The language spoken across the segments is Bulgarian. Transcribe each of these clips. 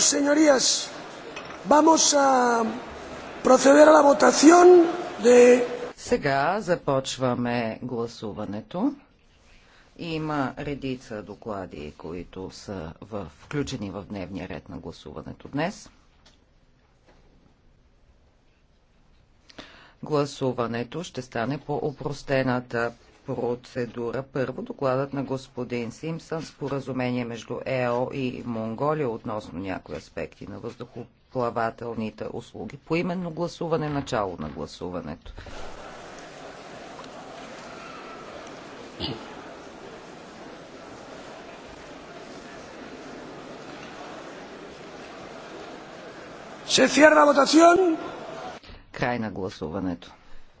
Bueno, señorías, vamos a proceder a la votación de... Сега започваме гласуването. Има редица доклади, които са в, включени в дневния ред на гласуването днес. Гласуването ще стане по опростената процедура. Първо, докладът на господин Симпсън, споразумение между ЕО и Монголия относно някои аспекти на въздухоплавателните услуги. По именно гласуване, начало на гласуването. Се cierra Край на гласуването.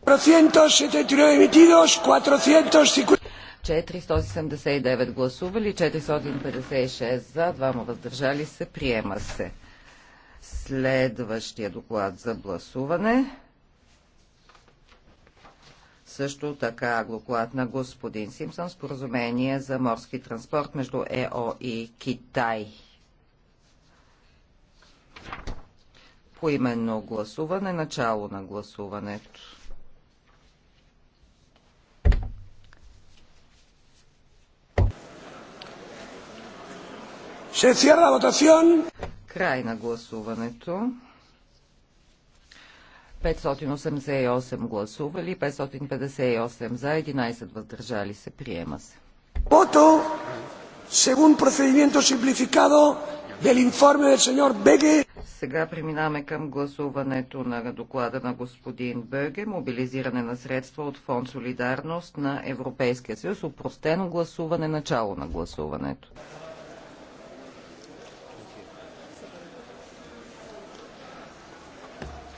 479 гласували, 456 за, двама въздържали се, приема се. Следващия доклад за гласуване. Също така доклад на господин Симпсон, споразумение за морски транспорт между ЕО и Китай. Поименно гласуване, начало на гласуването. Се Край на гласуването. 588 гласували, 558 за, 11 въздържали се. Приема се. Пото, según procedimiento simplificado del informe del señor Беге. Сега преминаваме към гласуването на доклада на господин Бърге, мобилизиране на средства от фонд Солидарност на Европейския съюз, упростено гласуване, начало на гласуването.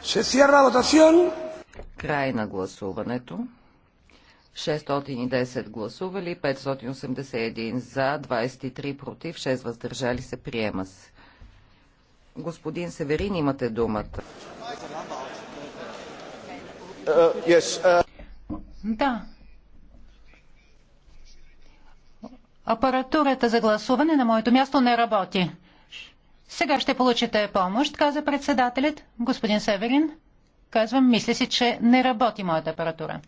Се cierra Край на гласуването. 610 гласували, 581 за, 23 против, 6 въздържали се, приема се. Господин Северин, имате думата. Uh, yes, uh... Да. Апаратурата за гласуване на моето място не работи. Сега ще получите помощ, каза председателят. Господин Северин, казвам, мисля си, че не работи моята апаратура.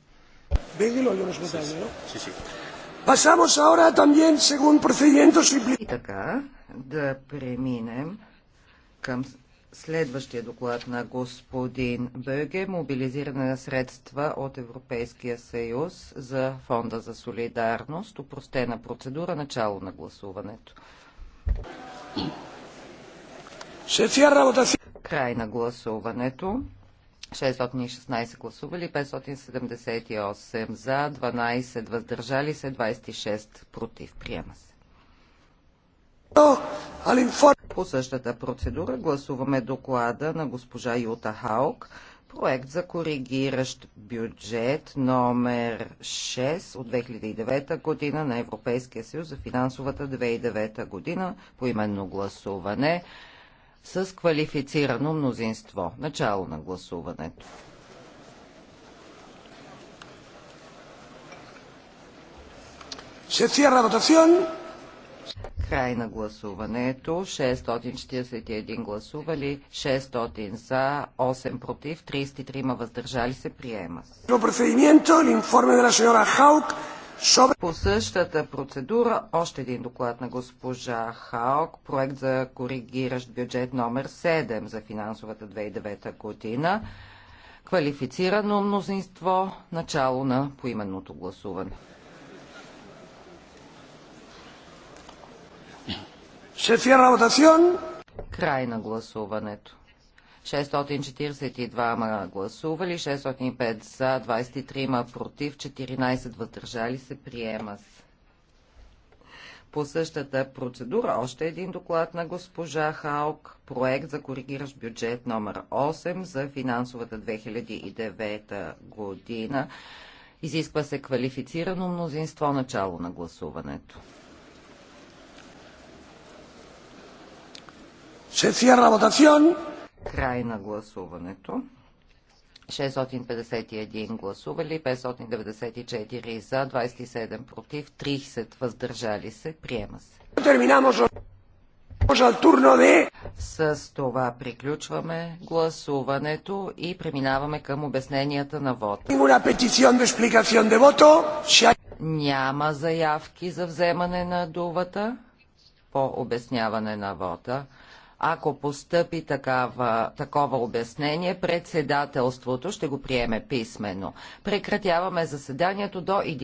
И така, да преминем към следващия доклад на господин Бъге – мобилизиране на средства от Европейския съюз за Фонда за солидарност, упростена процедура, начало на гласуването. Край на гласуването. 616 гласували, 578 за, 12 въздържали се, 26 против. Приема се. По същата процедура гласуваме доклада на госпожа Юта Хаук, проект за коригиращ бюджет номер 6 от 2009 година на Европейския съюз за финансовата 2009 година по именно гласуване с квалифицирано мнозинство. Начало на гласуването. Се Край на гласуването. 641 гласували, 600 за, 8 против, 33 въздържали се. Приема по същата процедура още един доклад на госпожа Хаок, проект за коригиращ бюджет номер 7 за финансовата 2009 година. Квалифицирано мнозинство, начало на поименното гласуване. Се Край на гласуването. 642 гласували, 605 за, 23 против, 14 въздържали се, приема се. По същата процедура още един доклад на госпожа Халк, проект за коригиращ бюджет номер 8 за финансовата 2009 година. Изисква се квалифицирано мнозинство начало на гласуването. Се цяра votación. Край на гласуването. 651 гласували, 594 за, 27 против, 30 въздържали се. Приема се. С това приключваме гласуването и преминаваме към обясненията на вода. Няма заявки за вземане на дувата по обясняване на вода. Ако постъпи такава, такова обяснение, председателството ще го приеме писмено. Прекратяваме заседанието до 11.